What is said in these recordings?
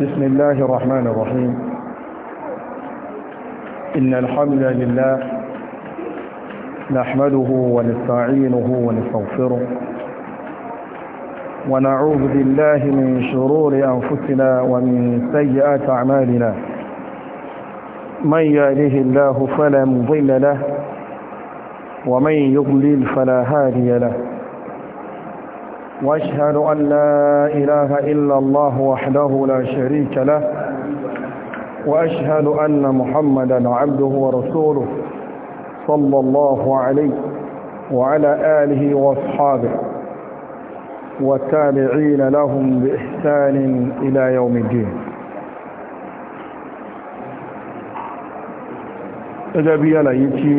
بسم الله الرحمن الرحيم إن الحمد لله نحمده ونستعينه ونستغفره ونعوذ بالله من شرور أنفسنا ومن سيئات أعمالنا من يأله الله فلا مضل له ومن يضلل فلا هادي له واشهد ان لا اله الا الله وحده لا شريك له واشهد ان محمدا عبده ورسوله صلى الله عليه وعلى اله واصحابه والتابعين لهم باحسان الى يوم الدين gẹ́gẹ́ bí àlàyé tí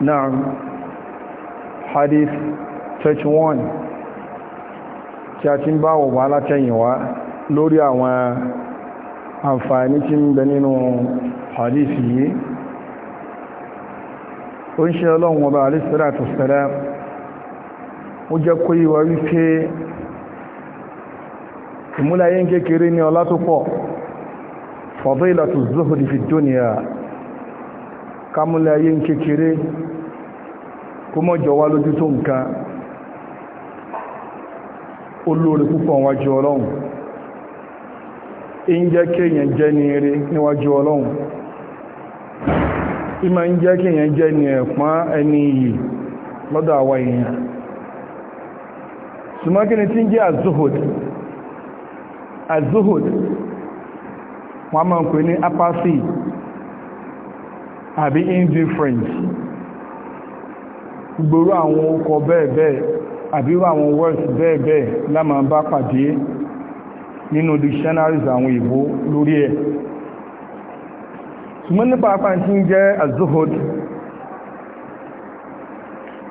نعم hadith 31 tí a ti ń bá wọ̀wọ̀ alátẹ̀yìnwá lórí àwọn àǹfààní tí ń bẹ nínú hadith yìí ó ń ṣe ọlọ́run ọba alìsíláàtù sẹ́lẹ̀ ó jẹ́ kó yíwa wípé ìmúláyé kékeré ní ọlá tó pọ̀ fadilatu zuhdi fi dunya ká múlẹ̀ ayé ń kékeré kó mọ́ jọ wá lójú tó nǹkan olóore púpọ̀ wájú ọlọ́run ń jẹ́ kéèyàn jẹ́ ní eré níwájú ọlọ́run ìmọ̀ ń jẹ́ kéèyàn jẹ́ ní ẹ̀pọ́n ẹni iyì lọ́dọ̀ àwa azuhud azuhud wọ́n àbí indifferent gbogbo àwọn ọkọ̀ bẹ́ẹ̀bẹ́ẹ̀ àbí àwọn words bẹ́ẹ̀bẹ́ẹ̀ lámà bá pàdé nínú dictionaries àwọn ìbò lórí ẹ̀ ṣùgbọ́n nípa apá tí ń jẹ́ az-zuhud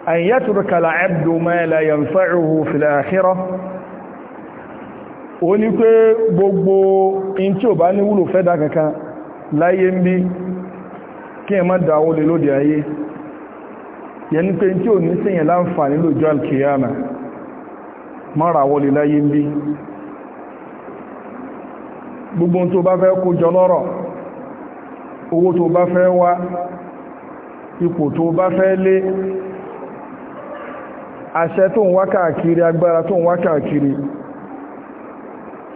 an abdu ma la yanfa'uhu fil akhirah ó ní pé gbogbo in tí ò bá ní wúlò fẹ́dà kankan láyé ń bí kí ẹ má dáwó lé lóde ayé yẹni pé tí ò ní sẹ́yìn láǹfààní lọ́jọ́ alkiyama mara wọlé láyé ń bí gbogbo tó bá fẹ́ kó jọ lọ́rọ̀ owó tó bá fẹ́ wá ipò tó bá fẹ́ lé àṣẹ tó ń wá agbára tó ń wá káàkiri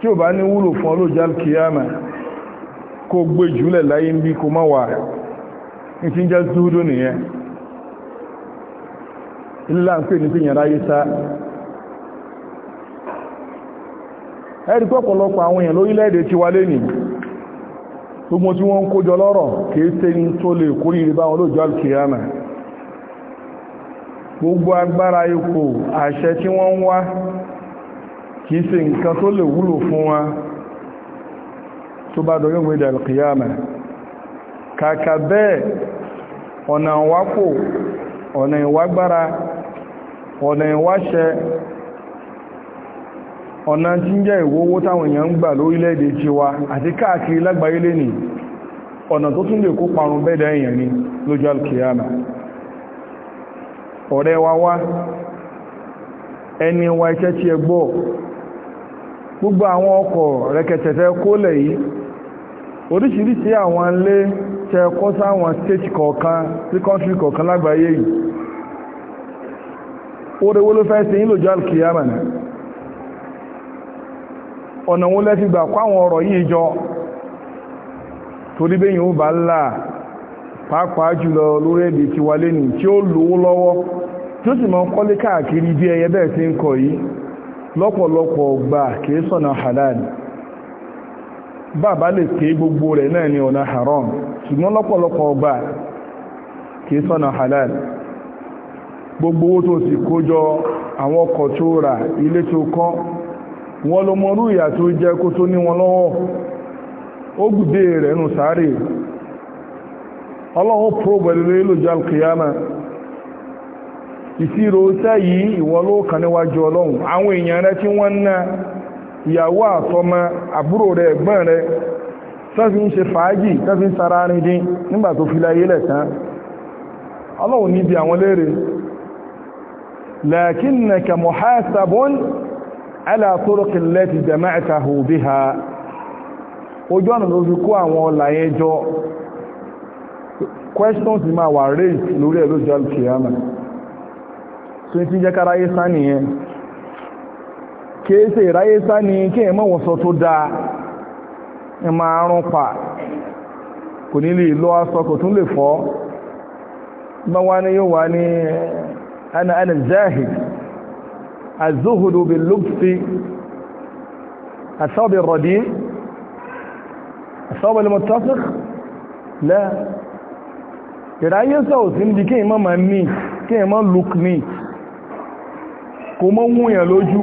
tí ò bá ní wúlò fún ìtí ń jẹ́ nìyẹn ilá ń pè ní fíyàn ráyé sá ẹ̀rí pọ̀pọ̀lọpọ̀ àwọn èèyàn lórílẹ̀-èdè ti wá lé nìí gbogbo tí wọ́n kójọ lọ́rọ̀ kìí ṣe ní tó lè kórí ìrìbáwọn alkiyama gbogbo agbára àṣẹ tí wọ́n ń wá kìí nǹkan tó lè wúlò fún wa tó bá ọ̀nà ìwápò ọ̀nà ìwágbára ọ̀nà ìwáṣẹ ọ̀nà tí ń jẹ́ ìwówó táwọn èèyàn ń gbà lórílẹ̀-èdè wa àti káàkiri lágbàáyé lẹ́nì ọ̀nà tó tún lè kó parun bẹ́ẹ̀dẹ̀ èèyàn ni lójú alkiyama ọ̀rẹ́ wa wá ẹni tẹ kọ́ sáwọn state kọọkan sí country kọ̀ọ̀kan lágbàáyé yìí oore wo ló fẹ́ ṣe yín lọ́jọ́ alkiyama ni ọ̀nà wo lẹ́fi gbà kó àwọn ọ̀rọ̀ yìí jọ torí bẹ́yìn ó bá ńlá pàápàá jùlọ lórí èdè tí wà lẹ́nu tí ó lówó lọ́wọ́ tí ó sì mọ́ kọ́lé káàkiri bí ẹyẹ bẹ́ẹ̀ ti ń kọ̀ yìí bàbá lè ké gbogbo rẹ̀ náà ni ọ̀nà haram ṣùgbọ́n lọ́pọ̀lọpọ̀ ọgbà kìí sọ́nà halal gbogbo owó tó sì kójọ àwọn ọkọ̀ tó rà ilé tó kọ́ wọn ló mọrú ìyà tó jẹ́ kó tó ní wọn lọ́wọ́ ó gùdé rẹ̀ nù sáré pọ̀bẹ̀lẹ̀ lójú alkiyama ìṣirò sẹ́yìí ìwọ ló níwájú ọlọ́run àwọn èèyàn tí wọ́n ń ná ìyàwó àtọmọ àbúrò rẹ̀ ẹ̀gbọ́n rẹ̀ tọ́fi ń ṣe fàájì tọ́fi ń sara rin dín nígbà tó fi láyé lẹ̀tán ọlọ́run níbi àwọn léèrè lakinnaka muhasabun ala turuq allati jama'tahu biha ojú ọ̀nà ló fi kó àwọn ọlà yẹn jọ questions máa wà raised kèése ìráyé sá ni kí ẹ̀mọ́ wọ̀sọ tó dáa ẹ máa rún pa kò ní lè lọ aṣọ kò tún lè fọ́ bá wá ní yóò wá ní ana ana zahid azuhudu bil lubsi asabi radi asabi al muttafiq ìráyé sá ò sí níbi kí ẹ̀mọ́ máa ní kí ẹ̀mọ́ look neat kò mọ́ wúyàn lójú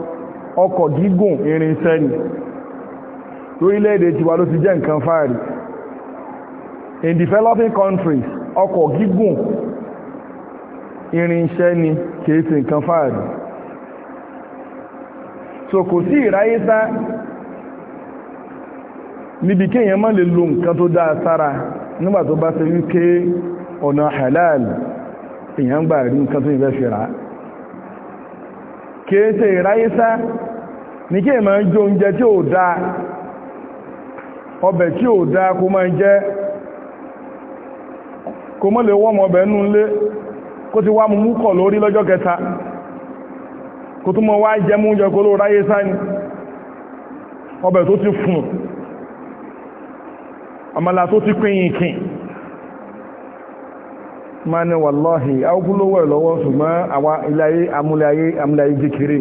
ọkọ̀ gígùn irinṣẹ́ ni lórílẹ̀-èdè tiwa ló ti jẹ́ nǹkan fáàrí in developing countries ọkọ̀ gígùn irinṣẹ́ ni kìí ṣe nǹkan fáàrí so kò sí ìráyé sá níbi kéèyàn má lè lo nǹkan tó dáa sára nígbà tó bá ṣe wípé ọ̀nà halal èèyàn gbà rí nǹkan tó yẹ fẹ́ kìí ṣe nike ní kí èmà ń jẹ oúnjẹ tí ò dáa ọbẹ̀ tí ò dáa kó máa jẹ kó mọ́ lè wọ́n ọbẹ̀ nú lé kó ti wá mú kọ̀ lórí lọ́jọ́ kẹta kó tó mọ́ wá jẹ mú oúnjẹ kó ló ni ọbẹ̀ tó ti fún àmàlà tó ti pín yìnkìn máa ní wàlọ́hì àwọ́kúlówó ẹ̀ lọ́wọ́ ṣùgbọ́n àwa iláyé amúláyé amúláyé jẹ́kiri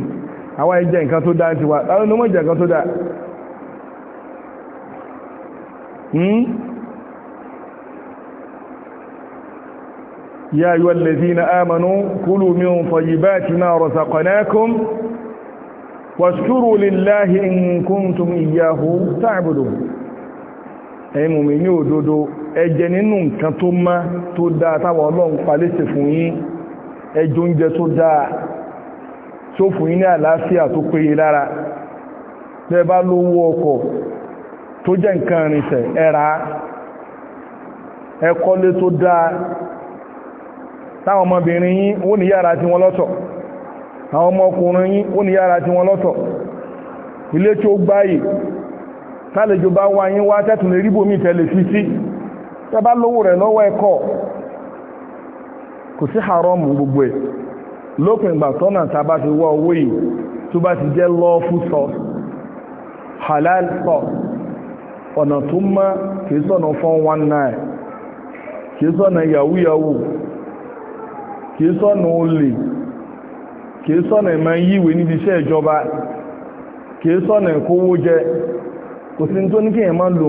àwa ìjẹ́ nǹkan tó dáa ti wà láwọn ní wọ́n jẹ́ nǹkan tó dáa hmm? ya ayyuhal ladhina amanu kulu min tayyibati ma razaqnakum washkuru lillahi in kuntum iyyahu ẹjẹ nínú nǹkan tó má tó dáa táwọn ọlọ́run palẹ́sẹ̀ fún yín ẹjọ oúnjẹ tó dáa tó fún yín ní àlàáfíà tó péye lára tẹ́ bá lówó ọkọ̀ tó jẹ́ nǹkan ìrìnsẹ̀ ẹ̀rà ẹkọ́lé tó dáa táwọn ọmọbìnrin yín ó ní yàrá tí wọ́n lọ́tọ̀ àwọn ọmọkùnrin yín ó ní yàrá tí wọ́n lọ́tọ̀ ilé tí ó gbáyì tálejò bá wá wá tẹ́tùn lè ríbòmí tẹ́lẹ̀ fi sí tẹ́bá lówó rẹ̀ lọ́wọ́ ẹ̀kọ́ kò sí haram gbogbo ẹ̀ lópin ìgbà tọ́nà na a bá ti owó yìí tó bá ti jẹ́ lawful sọ halal sọ ọ̀nà tó mọ́ kìí sọ̀nà 419 kìí sọ̀nà yahoo yahoo kìí sọ̀nà olè kìí sọ̀nà ìmọ̀ yíwèé níbi iṣẹ́ ìjọba sọ̀nà ìkówó jẹ kò sí ní tó ní kí máa lo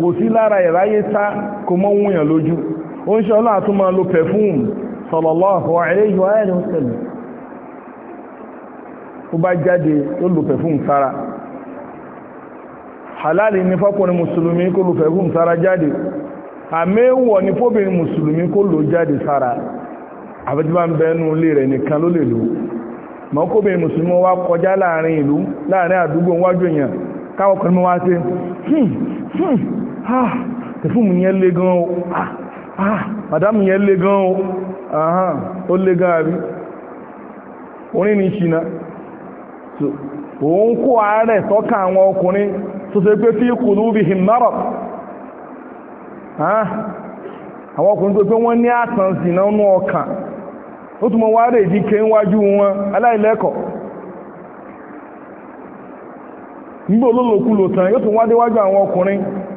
kò sí lára ìráyé sá kò mọ́ wúyàn lójú ó ń ṣe ọlọ́ àtún máa lo perfume sallallahu alayhi wa sallam ó bá jáde ó lo perfume sára halali ni fọ́kùnrin mùsùlùmí kó lo perfume sára jáde àmẹ́wọ̀ ni fóbìnrin mùsùlùmí kó lo jáde sára àbẹ́tíbá ń bẹ́ẹ̀nú ilé rẹ̀ nìkan ló lè lò mọ́ kóbìnrin mùsùlùmí wá kọjá láàrin ìlú láàrin àdúgbò wájú èèyàn káwọn kan mọ́ wá sí ah tẹ̀fún mi yẹn lé gan o madam yẹn lé gan o ahán ó lé gan àrí orin ṣìnà òun kó ààrẹ sọ́kà àwọn ọkùnrin tó ṣe pé fi qulubihim marad àwọn ọkùnrin tó pé wọ́n ní àtàn sínà nú ọkà ó túnmọ̀ wá rẹ̀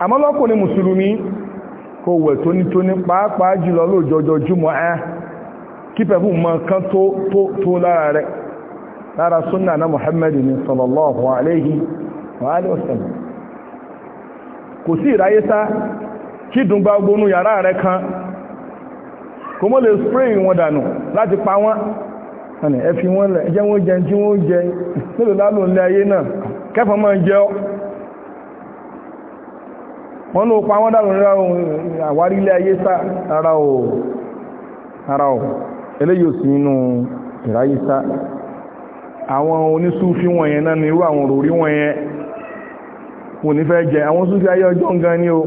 àmọ́ lọ́kùnrin mùsùlùmí kò wẹ̀ tónítóní pàápàá jùlọ lóòjọjọ jùmọ̀ ẹ́ kí pẹ̀lú mọ́ kan tó tó tó lára rẹ̀ lára súnnà na Muhammad ní sallallahu alaihi wa alihi wasallam kò sí ìráyé sá kí dùngbà gbónú yàrá rẹ̀ kan kò mọ́ lè spray wọn dànù láti pa wọ́n ẹ̀fì wọn lẹ̀ jẹ́ wọ́n jẹ tí wọ́n jẹ́ wọ́n ló pa wọ́n dàrùn rẹ̀ àwárí ilé ayé sá ara ò ara ò eléyìí ò sí nínú ìráyé sá àwọn onísúfí wọ̀nyẹn náà ni irú àwọn òròrí wọ̀nyẹn kò ní fẹ́ jẹ àwọn súfí ayé ọjọ́ gan ni o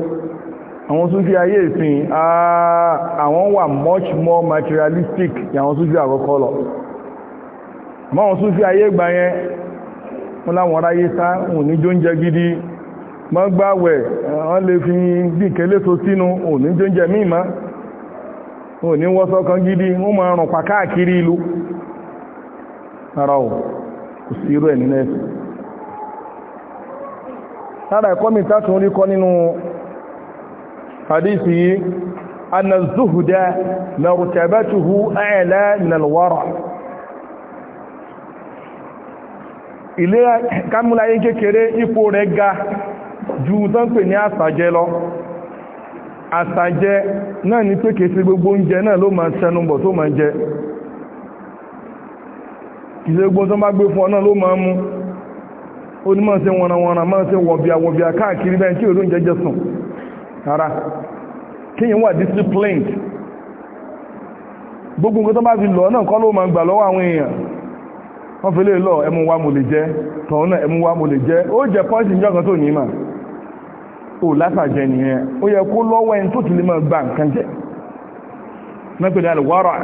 àwọn súfí ayé ìsìn ah, àwọn wà much more materialistic ni àwọn súfí àkọ́kọ́ lọ àmọ́ àwọn súfí ayé gbà yẹn wọ́n láwọn ráyé sá òun ní jóúnjẹ gidi mọ́ gbáwẹ̀ wọ́n lè fi gbìnkẹ́ léso sínú òní jẹ́ mímá òní wọ́sọ́ kan gidi wọ́n máa rùn pa káàkiri ìlú ara ò kò sí irú ẹ̀ nínú ẹ̀sìn lára ẹ̀kọ́ mi tátùn rí kọ́ nínú hadisi yìí anna zuhuda martabatuhu a'la min al-wara ilé kámúláyé kékeré ipò rẹ̀ ga ju tán pè ní àsàjẹ lọ àsàjẹ náà ní pé kèsì gbogbo oúnjẹ náà ló máa sẹnubọ̀ tó jẹ kìí gbogbo tó bá gbé fún ọ náà ló máa mú ó ní máa ṣe wọ̀nàwọ̀nà máa ṣe wọ̀bíà wọ̀bíà káàkiri bẹ́ẹ̀ tí òun jẹjẹ sùn rárá kíyàn wà disciplined gbogbo nǹkan tó bá fi lọ náà kọ́ ló máa gbà lọ́wọ́ àwọn èèyàn wọ́n fi lè lọ ẹmu wa mo lè jẹ tọ̀hún náà ẹmu wa mo lè jẹ ó ò látàjẹ́ nìyẹn o yẹ kó lọ́wọ́ ẹni tó ti lè máa gba nǹkan jẹ́ mẹ́pẹ̀lẹ̀ alìwárọ̀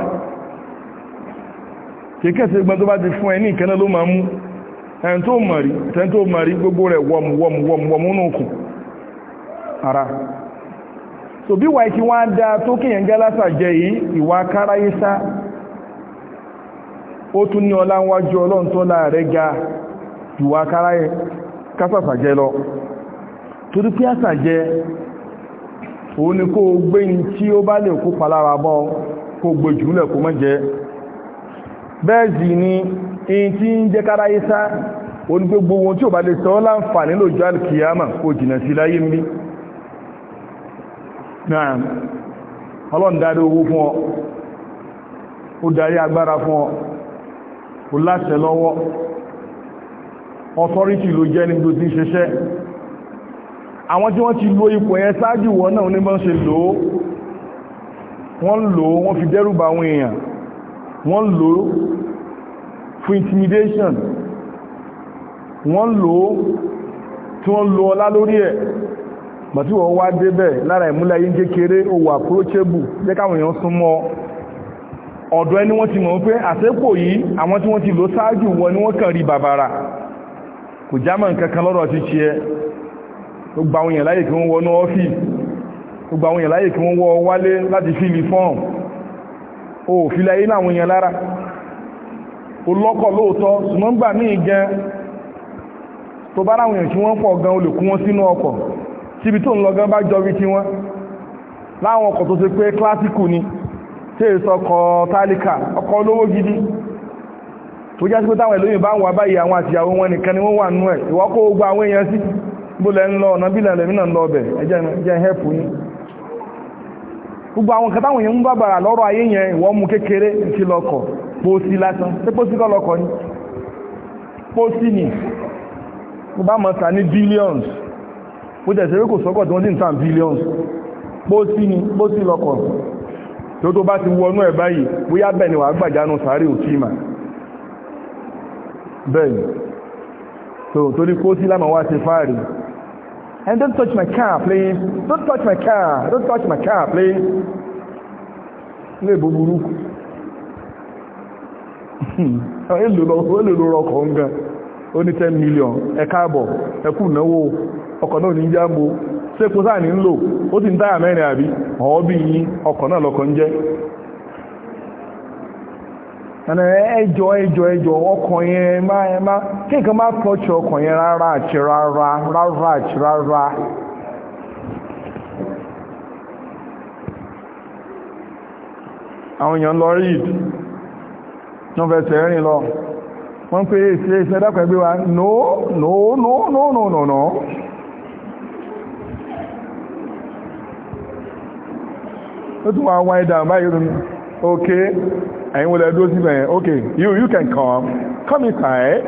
kìíkẹ́ gbọ́n tó bá ti fún ẹ ìkẹ́nà ló máa mú tó mọ̀rí tó mọ̀rí gbogbo rẹ̀ ara so yi torí pé àṣà jẹ òun ni kó gbé ní tí ó bá lè kópa lára bọ́ kó gbé jùlẹ̀ kó mọ́ jẹ bẹ́ẹ̀ sì ni in tí ń jẹ́ kára isá òun gbogbo ohun tí ò bá lè sọ láǹfààní lójú alkiyama kó jìnà sí láyé ń bí náà owó fún ọ àwọn tí wọ́n ti lo ipò yẹn ṣáájú wọn náà ní bọ́n ṣe lò ó wọ́n lò ó wọ́n fi dẹ́rùbà àwọn èèyàn wọ́n lò fún intimidation wọ́n lò ó tí wọ́n lo ọlá lórí ẹ̀ bàtí wọ́n wá débẹ̀ lára ìmúlẹ̀ ayé kékeré owó approachable jẹ́ káwọn èèyàn ti mọ̀ pé àṣẹ́pò yìí àwọn ti lò ṣáájú wọn ni wọ́n kàn rí bàbàrà kò jámọ̀ ti ṣe gbogbo àwọn èèyàn láyè kí wọ́n wọnú ọ́fíìsì gbogbo àwọn èèyàn láyè kí wọ́n wọ wálé láti fíìlì fọ́ọ̀m o ò fi láyé láwọn èèyàn lára o lọ́kọ̀ lóòótọ́ ṣùgbọ́n gbà míì gan tó bá láwọn èèyàn tí wọ́n pọ̀ gan o lè kú wọn sínú ọkọ̀ síbi tó ń lọ gan bá jọ bí ti wọn láwọn ọkọ̀ tó ṣe pé kílásìkù ni tí èso ọkọ̀ tálíkà ọkọ̀ olówó gidi tó jásí pé táwọn ẹlòmíì bá ń wà báyìí àwọn àtìyàwó wọn nìkan ni wọ́n wà nú ẹ̀ ìwọ́kọ̀ gbogbo àwọn èèyàn sí bólẹ̀ ń lọ ọ̀nà bí na mí náà lọ ọbẹ̀ ẹjẹ́ ẹjẹ́ gbogbo àwọn nǹkan táwọn ń bá bàrà lọ́rọ̀ ayé yẹn ìwọ́n mu kékeré ti pósí lásán pósí kọ́ pósí ní billions kò sọ́kọ̀ tí wọ́n ń billions pósí pósí tí ó tó bá ti ẹ̀ báyìí bóyá And don't touch my car, please. Don't touch my car. Don't touch my car, please. Ilé búburú. Elòlò nga, 10 million. Ẹ káàbọ̀, ẹ náwó. Ọkọ̀ náà ní jáàmbó. Ṣé kò ní ń Ó ti ń táyà mẹ́rin àbí? Ọ̀ọ́bí ẹnna ẹjọ ẹjọ ẹjọ ọkàn yẹn má ẹ má kí nǹkan má tọ́jú ọkàn yẹn rárá àti rárá rárá àti rárá. ẹ̀yin wọlé ẹdúró síbẹ̀ yẹn ok you you can come come inside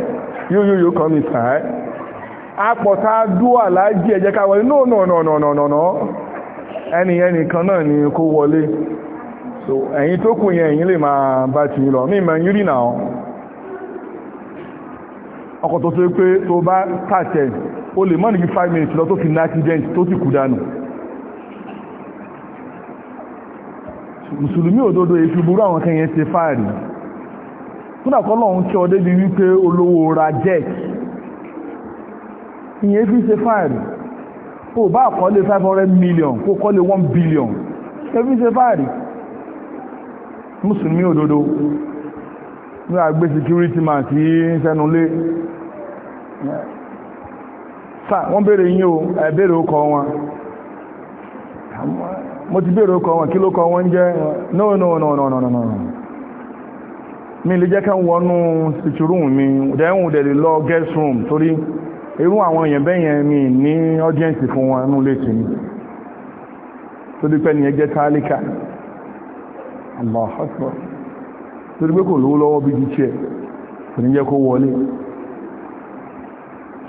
you you you come inside apọ̀tá dúó àlájí ẹ̀jẹ̀ ká wọlé no no no no no no no ẹni ẹnìkan náà ni kó wọlé so ẹ̀yin tó kù yẹn ẹ̀yin lè máa bá ti lọ mí mọ̀ yúrí náà ọkọ̀ tó tó pé tó bá tàtẹ̀ o lè mọ́ ní five minutes lọ tó fi ní accident tó ti kú dànù mùsùlùmí òdodo èfi burú àwọn kẹyẹn ti fáàrí fún àkọ́lọ̀ ohun tí ọdẹ́ bí wípé olówó ra jet ìyẹn fi ṣe fáàrí kò bá àkọ́lé 500 million kò le 1 billion ṣe fi ṣe fáàrí mùsùlùmí òdodo ní àgbé security man tí ń sẹ́nulé wọ́n béèrè yín o ẹ̀bẹ̀rẹ̀ ó kọ́ wọn mo ti bèèrè ọkọ̀ wọn kí ló kọ wọ́n jẹ́ no no no no no no mi lè jẹ́ ká wọnú siturun mi dẹ́hùn lọ guest room torí irú àwọn èèyàn bẹ́yẹn mi ní audience fún wọn nú lè tèmi torí pé nìyẹn jẹ́ tálíkà Allah akbar torí pé kò lówó lọ́wọ́ bí ti tiẹ̀ kò ní jẹ́ kó wọlé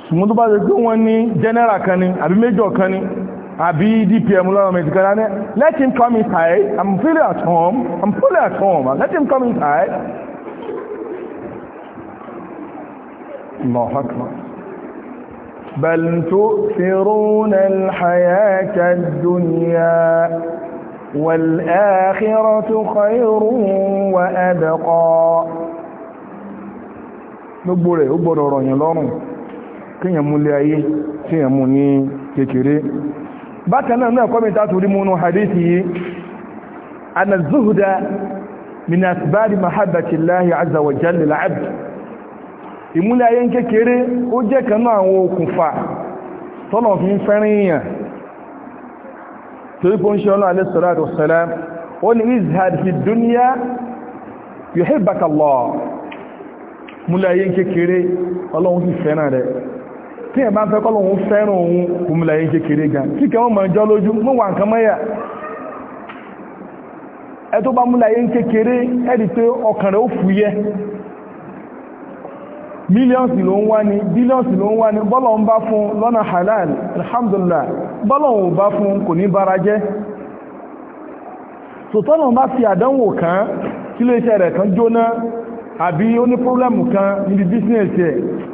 ṣùgbọ́n tó bá ṣe pé wọ́n ní general kan ni àbí major kan ni àbí dpm lọ́rọ̀ mẹ́tìkọ́lá ní let him come inside i'm feeling at home i'm fully at home let him come inside الله أكبر بل تؤثرون الحياة الدنيا والآخرة خير وأبقى gbogbo rẹ̀ ó gbọ́dọ̀ rọ̀yìn lọ́rùn kíyàn mú lé ayé kíyàn mú ní kékeré bákan náà náà kọ́mìtà torí múnú hadithi yìí ana zuhuda min asbari mahabbati Allahi azza wa jalla al-abd ìmúlẹ̀ ayé kékeré ó jẹ́ kanú àwọn okùnfà tọ́lọ̀ fi ń fẹ́rin èèyàn ń ṣe ọlọ́ alẹ́ sọ́lá tí ẹ̀ bá ń fẹ́ kọ́ lóun fẹ́ràn òun òmìnira yìí kékeré gan tí kẹ́wọ́n mọ̀ ẹjọ́ lójú mọ́ wà nǹkan ẹ tó bá múlá yìí kékeré ẹ̀rí pé ọkàn rẹ̀ ó fúyẹ́ mílíọ̀nsì ló ń wá ní halal alhamdulillah bọ́lọ̀ kan kan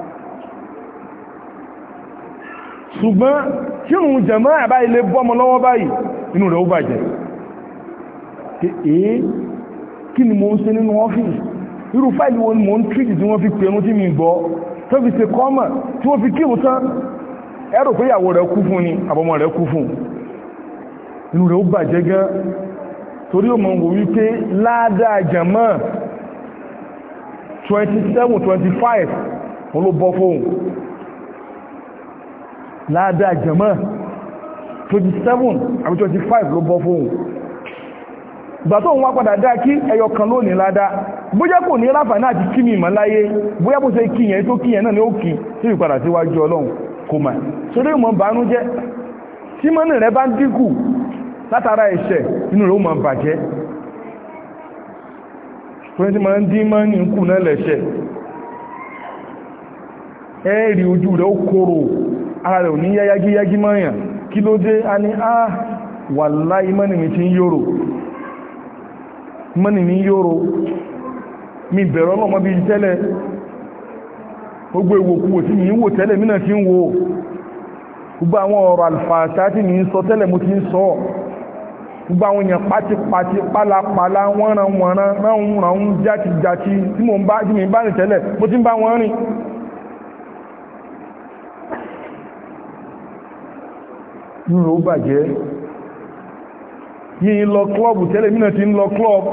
ṣùgbọ́n tí òun jẹ̀mọ́ àbá ilé bọ́mọ lọ́wọ́ báyìí inú rẹ̀ ó bàjẹ́ èé kí ni mo ń ṣe nínú ọ́fíìsì irú fáìlì wo ni mo ń tríjì tí wọ́n fi pè ẹnu tí mi gbọ́ tó fi ṣe kọ́mọ̀ tí wọ́n fi kíwò tán ẹ̀rọ pé ìyàwó rẹ̀ kú fún ni àbọ̀mọ̀ rẹ̀ kú fún inú rẹ̀ ó bàjẹ́ gan torí ó wò wípé ládàá jẹ̀mọ́ 27 25 wọn ló bọ́ fóun láàdá jẹmọ́ 27 àbí 25 ló bọ́ fóhun ìgbà tó ń wá padà dá kí ẹyọ kan lónìí ládá bóyá kò ní láfàní àti kí mi ìmọ̀láyé bóyá bó ṣe kíyàn tó kíyàn náà ní ó kí tí padà síwájú ọlọ́run kò sórí ìmọ̀ jẹ́ tí mọ́nì rẹ bá ń dínkù látara ẹ̀ṣẹ̀ inú rẹ̀ ó mọ̀ bàjẹ́ ara rẹ̀ ò ní yá mọ́yàn kí ló dé a ní á ah, wà láì mọ́nìmí ti ń yòrò mọ́nìmí yòrò mi bẹ̀rọ lọ́mọ bí tẹ́lẹ̀ gbogbo ìwòkú tí mi ń wò tẹ́lẹ̀ mínà ti ń wo gbogbo àwọn ọ̀rọ̀ àlfàṣà tí mi ń sọ tẹ́lẹ̀ mo ti ń sọ gbogbo àwọn èèyàn pátipáti pálapàla wọ́nranwọ̀nran ráhùn ráhùn tí mo ń bá rìn tẹ́lẹ̀ mo ti ń bá nínú ó bàjẹ́ yìí lọ klọ́bù tẹ́lẹ̀ mínà ti ń lọ klọ́bù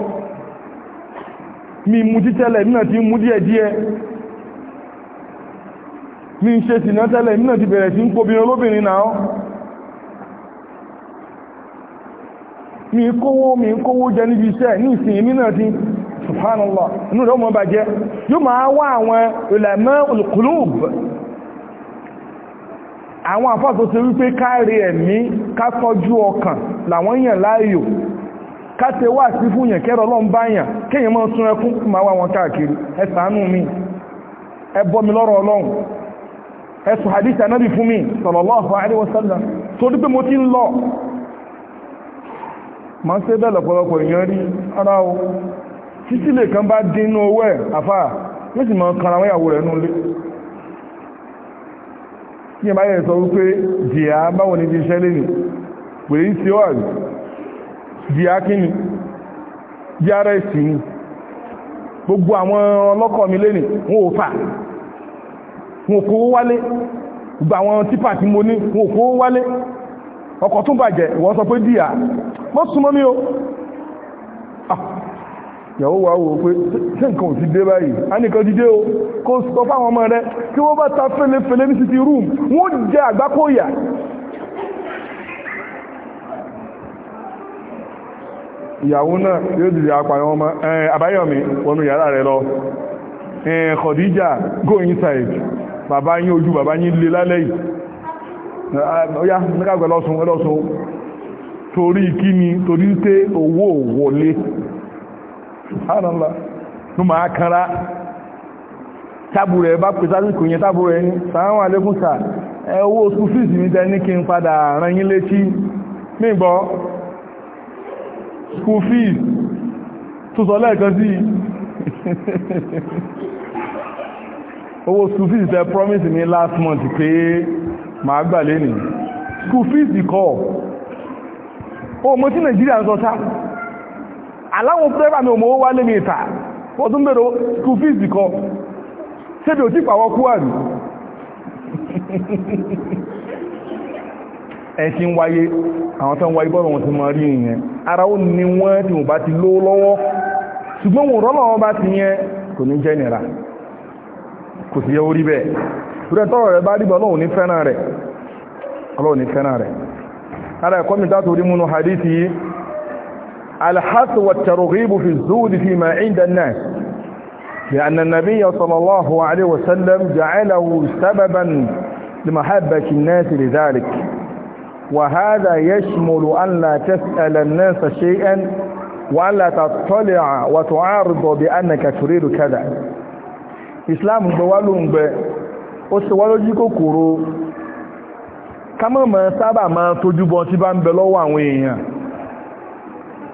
mi mú tí tẹ́lẹ̀ mínà ti ń mú díẹ̀díẹ̀ mi ń ṣe sìnà tẹ́lẹ̀ mínà ti bẹ̀rẹ̀ sí ń pobìnrin olóbìnrin náà mi kówó mi kówó jẹ níbi iṣẹ́ ní ìsìn mínà ti subhanallah inú rẹ̀ ó mọ́ bàjẹ́ yóò máa wá àwọn ìlàmọ́ olùkùlùbù àwọn àfáà tó ti wípé káàrí ẹ̀mí ká tọ́jú ọkàn làwọn yàn láàyò ká tẹ wá sí fún yàn kẹ́rọ lọ́n bá yàn kéèyàn máa sun ẹkún máa wá wọn káàkiri ẹ mi ẹ bọ́ mi lọ́rọ̀ ọlọ́run ẹ hadith anábì fún mi sallallahu alaihi wasallam torí pé mo ti ń lọ ma ń ṣe bẹ́ẹ̀ lọ́pọ̀lọpọ̀ èèyàn rí ara o títí lè kan bá dín inú kí ẹ bá sọ wípé jìyà báwo ni ti ṣẹlẹ̀ nì pèlè ń ṣe wà jìyà kí ni jìyà rẹ̀ sì ni gbogbo àwọn ọlọ́kọ̀ mi lé nì wọn ò fà wọn ò kówó wálé gbogbo àwọn típà tí mo ní wọn ò wálé ọkọ̀ tún bàjẹ́ ìwọ sọ pé jìyà mọ́ súnmọ́ mi o ìyàwó wa wò pé ṣé nǹkan ò ti dé báyìí a nìkan ti dé o kó sọ fáwọn ọmọ rẹ kí wọ́n bá ta fẹ́lẹ́fẹ́lẹ́ ní city room wọ́n jẹ àgbákòyà ìyàwó náà yóò dìde apàyàn ọmọ àbáyọ̀mí wọnú yàrá rẹ lọ Khadija go inside bàbá yín ojú bàbá yín lé lálẹ́ yìí ọ̀yá nígbàgbẹ́ lọ́sùn ẹlọ́sùn torí kíni owó wọlé subhanallah ló máa kanra tábù rẹ̀ bá pèsè àsìkò yẹn tábù rẹ̀ ní sàánwà lẹ́kùn sà owó school fees mi tẹ́ ní kí n padà rán yín létí nígbọ́ school fees tó sọ lẹ́ẹ̀kan sí owó school fees tẹ́ promise mi last month pé màá gbà lẹ́nìí school fees o mọ́ tí Nàìjíríà aláwọn pírẹ́bà mi ò mọ́ wá lé mi ìta wọ́n tún bèèrè skul fees kan ṣébi ò tí pàwọ́ kú àrí ẹ̀kí ń wáyé àwọn tán wáyé bọ́rọ̀ wọn ti mọ̀ rí ìyẹn ara ó ní wọ́n tí wọ́n bá ti ló lọ́wọ́ ṣùgbọ́n wọn rọ́lọ́ wọn bá ti yẹn kò ní jẹ́ nira kò sí yẹ orí bẹ́ẹ̀ rẹ̀ tọ́rọ̀ rẹ̀ الحث والترغيب في الزهد فيما عند الناس لأن النبي صلى الله عليه وسلم جعله سببا لمحبة الناس لذلك وهذا يشمل أن لا تسأل الناس شيئا وأن لا تطلع وتعارض بأنك تريد كذا إسلام gbọ́ wá ló ń gbẹ ó sì wá lójú kòkòrò ká mọ̀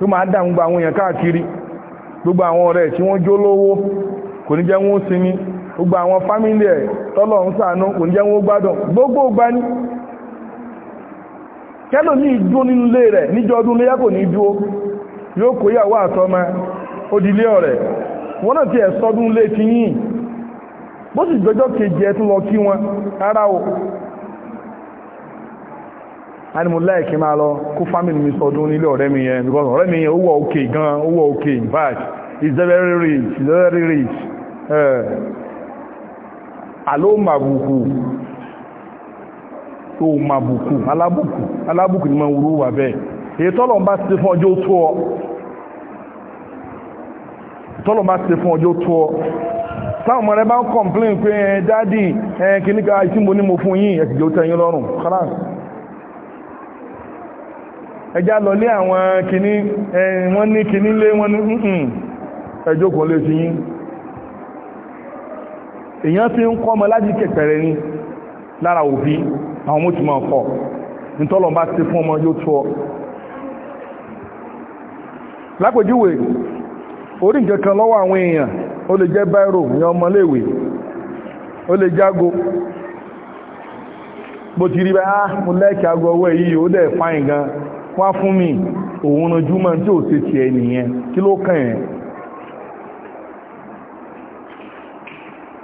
tó máa dá gbogbo àwọn èèyàn gbogbo àwọn ọ̀rẹ́ tí wọ́n jó lówó kò ní jẹ́ wọ́n sinmi gbogbo àwọn fámílì ẹ̀ tọ́lọ̀ ń ṣàánú kò ní jẹ́ wọ́n gbádùn gbogbo gbani kẹ́lò ní ìdúró nínú ilé rẹ̀ níjọ ọdún léyà kò ní dúró yóò kó yàwó àtọ́mọ odìlé ọ̀rẹ́ wọ́n náà ti lé ti yìn o a ní mo láìkí máa lọ kó fámìlì mi sọdún nílé ọ̀rẹ́ mi yẹn because ọ̀rẹ́ mi yẹn ó wà òkè gan ó wà òkè in fact He's very rich He's very rich àló màbùkù tó màbùkù alábùkù alábùkù ni mo ń wúrú wà bẹ́ẹ̀ èyí tọ́lọ̀ ń bá ti fún ọjọ́ tó ọ tọ́lọ̀ máa ṣe fún ọjọ́ tó ọ táwọn ọmọ rẹ bá ń complain pé ẹ dáàdì ẹ kìnnìkan àìsí mo ní mo fún yín ẹ sì jẹ́ ó tẹ́yìn lọ́rùn káràsì ẹjá lọ ní àwọn kìíní wọ́n ní kìíní lé wọ́n ní ǹkan ẹjókòó lè ti yín èyàn ń kọ́ ọmọ láti kẹ̀kẹ̀rẹ̀ ní lára òbí àwọn mú máa kọ́ nítọ́lọ̀ bá ti fún ọmọ yóò tó ọ lápèjúwe orí lọ́wọ́ àwọn èèyàn ó lè jẹ́ báírò ní ọmọléèwé ó lè jágo bó ti rí bá lẹ́ẹ̀kì èyí ó dẹ̀ wá fún mi òun ranjú mọ́ tí ò ṣe ti nìyẹn kí ló kàn ẹ́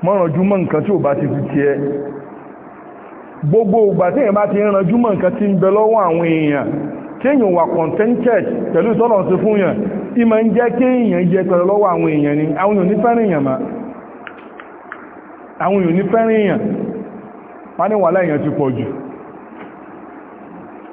mọ́ranjú mọ́ nǹkan tí ò bá ti fi ẹ gbogbo ìgbà tí èèyàn bá ti ranjú mọ́ nǹkan ti ń bẹ lọ́wọ́ àwọn èèyàn kéèyàn wà contented pẹ̀lú sí fún yàn ń jẹ́ jẹ pẹ̀lú lọ́wọ́ ni àwọn èèyàn àwọn èèyàn wá ní wà ti pọ̀ jù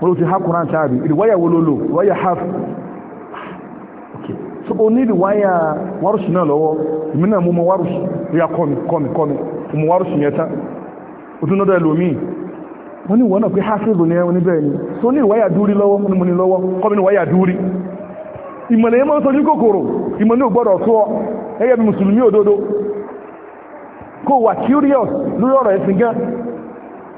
wọ́n ti ha kùnrán tàbí ìrìwáyà wololo ìrìwáyà haf so o ní ìrìwáyà wárùsù náà lọ́wọ́ ìmì náà mú mọ wárùsù ríà kọ́mi kọ́mi kọ́mi mú wárùsù yẹta o tún lọ́dọ̀ ẹlòmíì wọ́n ní wọ́n náà pé hafizu ní ẹni bẹ́ẹ̀ ni so ní ìrìwáyà dúrí lọ́wọ́ ní mo ní lọ́wọ́ kọ́mi ní ìrìwáyà dúrí ìmọ̀lẹ̀ yẹn máa ń sọ ní kòkòrò ìmọ̀ ní ògbọ́dọ̀ tó ọ ẹ̀yẹ bí mùsùlùmí òdodo kó wà curious lórí ọ̀rọ̀ ẹ̀sìn gan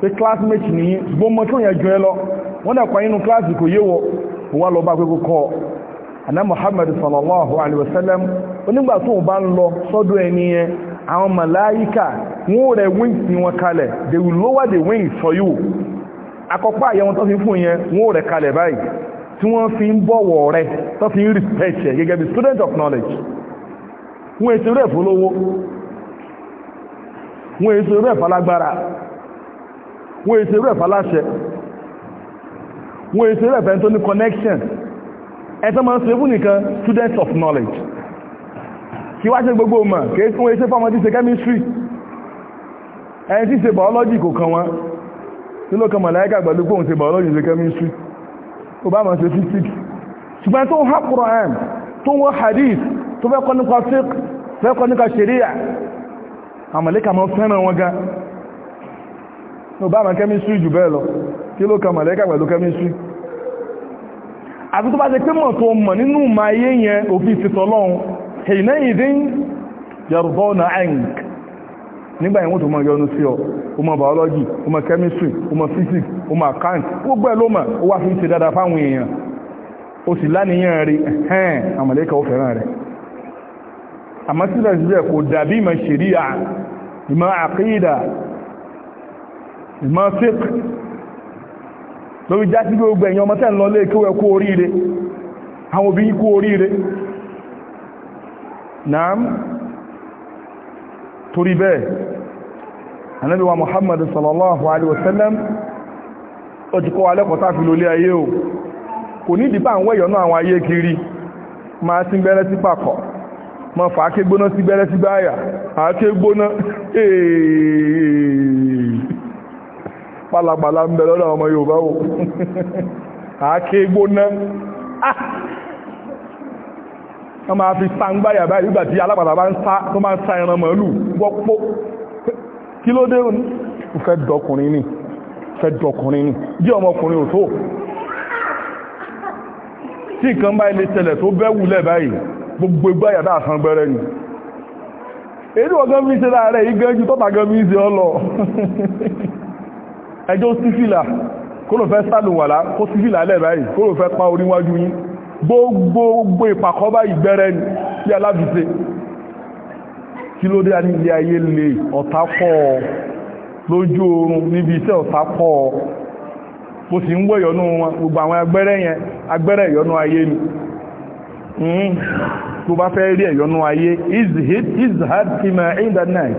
pé classmate ní gbọ́mọ tó yẹn jù ẹ lọ wọ́n dẹ̀kọ́ inú kíláàsì kò yíwọ wọ́n lọ bá pẹ́kọ́ kọ́ àná Muhammad sallallahu alaihi wasallam onígbà tó bá ń lọ sọ́dọ̀ ẹni yẹn àwọn màláíkà wọ́n rẹ̀ wings ni wọ́n kalẹ̀ they will lower the wings for you akọ́pá àyẹ̀ wọn tó fi fún yẹn wọ́n rẹ̀ kalẹ̀ báyìí tí wọ́n fi ń bọ̀wọ̀ rẹ̀ tó fi ń respect ẹ̀ gẹ́gẹ́ bí student of knowledge wọ́n èso rẹ̀ fọlọ́wọ́ wọ́n èso rẹ̀ fọlágbára wọ́n èsè rẹ̀ faláṣẹ wọ́n èsè rẹ̀ bẹ́ntó ní connection ẹ̀tọ́ ma ń sọ ebú nìkan students of knowledge kí wá ṣe gbogbo ọmọ kí wọ́n èsè fọ́mọ tí ṣe chemistry ẹni tí ṣe biology kò kan wọn nílò kan mọ̀láíkà pẹ̀lú pòun ṣe biology ṣe chemistry ó bá ma ṣe physics ṣùgbọ́n tó ń ha Quran tó ń wọ́n hadith tó fẹ́ kọ́ nípa fiqh fẹ́ kọ́ nípa sharia àmàlẹ́kà máa fẹ́ràn wọn gan ní bá àwọn chemistry jù bẹ́ẹ̀ lọ kí ló kan mọ̀lẹ́kà pẹ̀lú chemistry àti tó bá ṣe pé mọ̀ tó mọ̀ nínú ma ayé yẹn òfin ti tọ́lọ́run hìnà ìdí yàrùbọ́ na ẹ̀ǹk nígbà yẹn wọ́n tó mọ̀ yọnu sí ọ o mọ̀ biology o mọ̀ chemistry o mọ̀ physics o mọ̀ account gbogbo ẹ̀ ló mọ̀ ó wá fi ń ṣe dáadáa fáwọn èèyàn o sì láníyàn rí ẹ̀hẹ́n àmàlẹ́kà ó fẹ́ràn rẹ̀ ìmọ̀ fík lórí já sí n ẹ̀yàn ọmọ lọ lé kí ó oríire àwọn òbí kú oríire náà torí bẹ́ẹ̀ Ànábì wa Muhammad sallallahu alaihi wasallam ó ti kọ́ alẹ́kọ̀ọ́ta o kò ní ìdípa àwọn ẹ̀yọ̀nà àwọn ayé kiri sí ma fàáké gbóná sí bẹ́rẹ́ sí báyà gbóná pálapàla ń bẹ lọ́dọ̀ ọmọ Yorùbá o àáké gbóná ah! wọ́n máa fi sangbáyà báyìí nígbà tí alápàdà bá ń sá tó máa ń sá ẹran màálù wọ́pọ̀ kí ló dé òní fẹ́ dọkùnrin ni fẹ́ dọkùnrin ni jẹ́ ọmọkùnrin ò tó tí nǹkan báyìí lè ṣẹlẹ̀ tó bẹ́ wulẹ̀ báyìí gbogbo ìgbáyà dáa san gbẹ́rẹ́ ni èdè ọ̀gán mi ṣe láàárẹ̀ igẹ́ ju tọ́ta gan mi ṣe ọ lọ ẹjọ́ sífìlà kó ló fẹ́ sàlùwàlá kó sífìlà lẹ̀ báyìí kó ló fẹ́ pa orí wájú yín gbogbogbò ìpàkọ́ báyìí gbẹ́rẹ́ ni sí alábìsẹ kí ló dé a ní ilé ayé lè ọ̀tá pọ̀ lójú oorun níbi iṣẹ́ ọ̀tá pọ̀ mo sì ń wọ́ ìyọnú wọn gbogbo àwọn agbẹ́rẹ́ yẹn agbẹ́rẹ́ ìyọnú ayé ni hmm, tó bá fẹ́ rí ẹ̀yọnú ayé izhad fima inda night